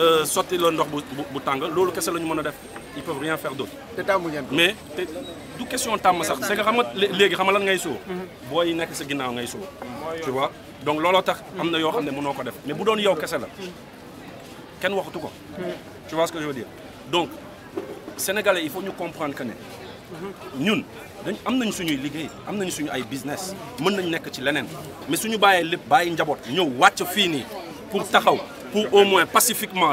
Euh, sotti la ndox bu bu tàng loolu kese la ñu def ils peuvent rien faire d'autre. te tàmm ngeen ko mais te du question tàmm sax c'est que xam nga léegi xam nga lan ngay sóor. Mm-hmm. booy yi sa ginnaaw ngay sóor. tu vois donc looloo tax. am na yoo xam ne mënoo ko def mais bu doon yow kese la. kenn waxatu ko. Mm-hmm. tu vois ce que je veux dire donc sénégalais il faut ñu comprendre que ne mm-hmm. ñun dañ am nañ suñuy liggéey am nañ ay business mën nañ nekk ci leneen mais suñu bàyyee lépp bàyyi njaboot ñëw wàcc fii nii pour taxaw pour au moins pacifiquement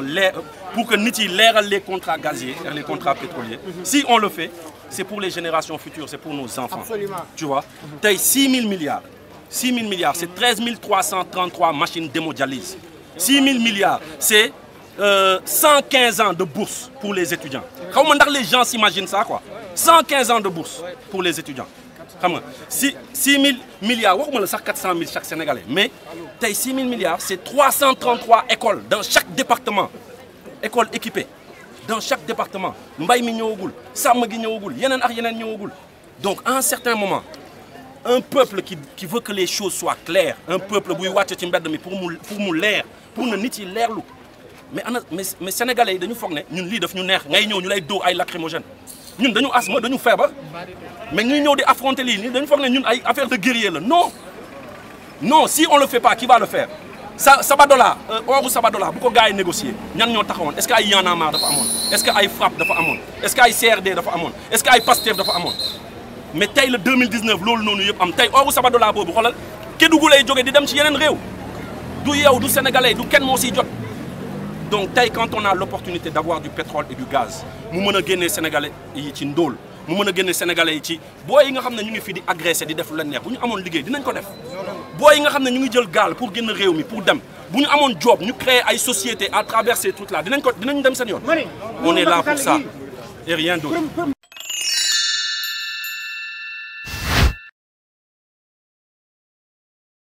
pour que Niti l'air les contrats gaziers, les contrats pétroliers. Mhm. Si on le fait, c'est pour les générations futures, c'est pour nos enfants. Absolument. Tu vois, tu as 6 000 milliards. 6 000 milliards, c'est 13 333 machines d'hémodialyse. 6 000 milliards, c'est 115 euh, ans de bourse pour les étudiants. Comment les gens s'imaginent ça quoi 115 ans de bourse pour les étudiants si 6 000 milliards waxuma 400 000 chaque sénégalais mais 6 000 milliards c'est 333 écoles dans chaque département écoles équipées dans chaque département mbay mi donc à un certain moment un peuple qui qui veut que les choses soient claires un peuple qui veut que les mi pour nous pour nous pour nous nit l'air. mais ana mais sénégalais nous dañu foog ne ñun lii daf ñu neex ngay nous dañu mais nous ñëw affronter les gens, nous avons de guerrier non non si on ne le fait pas qui va le faire Sabadola de euh, Sabadola bu ko gars négocier ñan ñoo est-ce qu'il y a est-ce que frappe est-ce que CRD est-ce y a mais tey 2019 loolu noonu yëpp am tey vous Dola, boobu di dem ci Ce du du sénégalais du kenn donc quand on a l'opportunité d'avoir du pétrole et du gaz nous devons gagner sénégalais yi ci ndóol mu les sénégalais yi ci nous yi nga ñu ngi di agresser di def si nous pour génn réew pour dem job nous créer une société à travers ces trucs là on est là pour ça et rien d'autre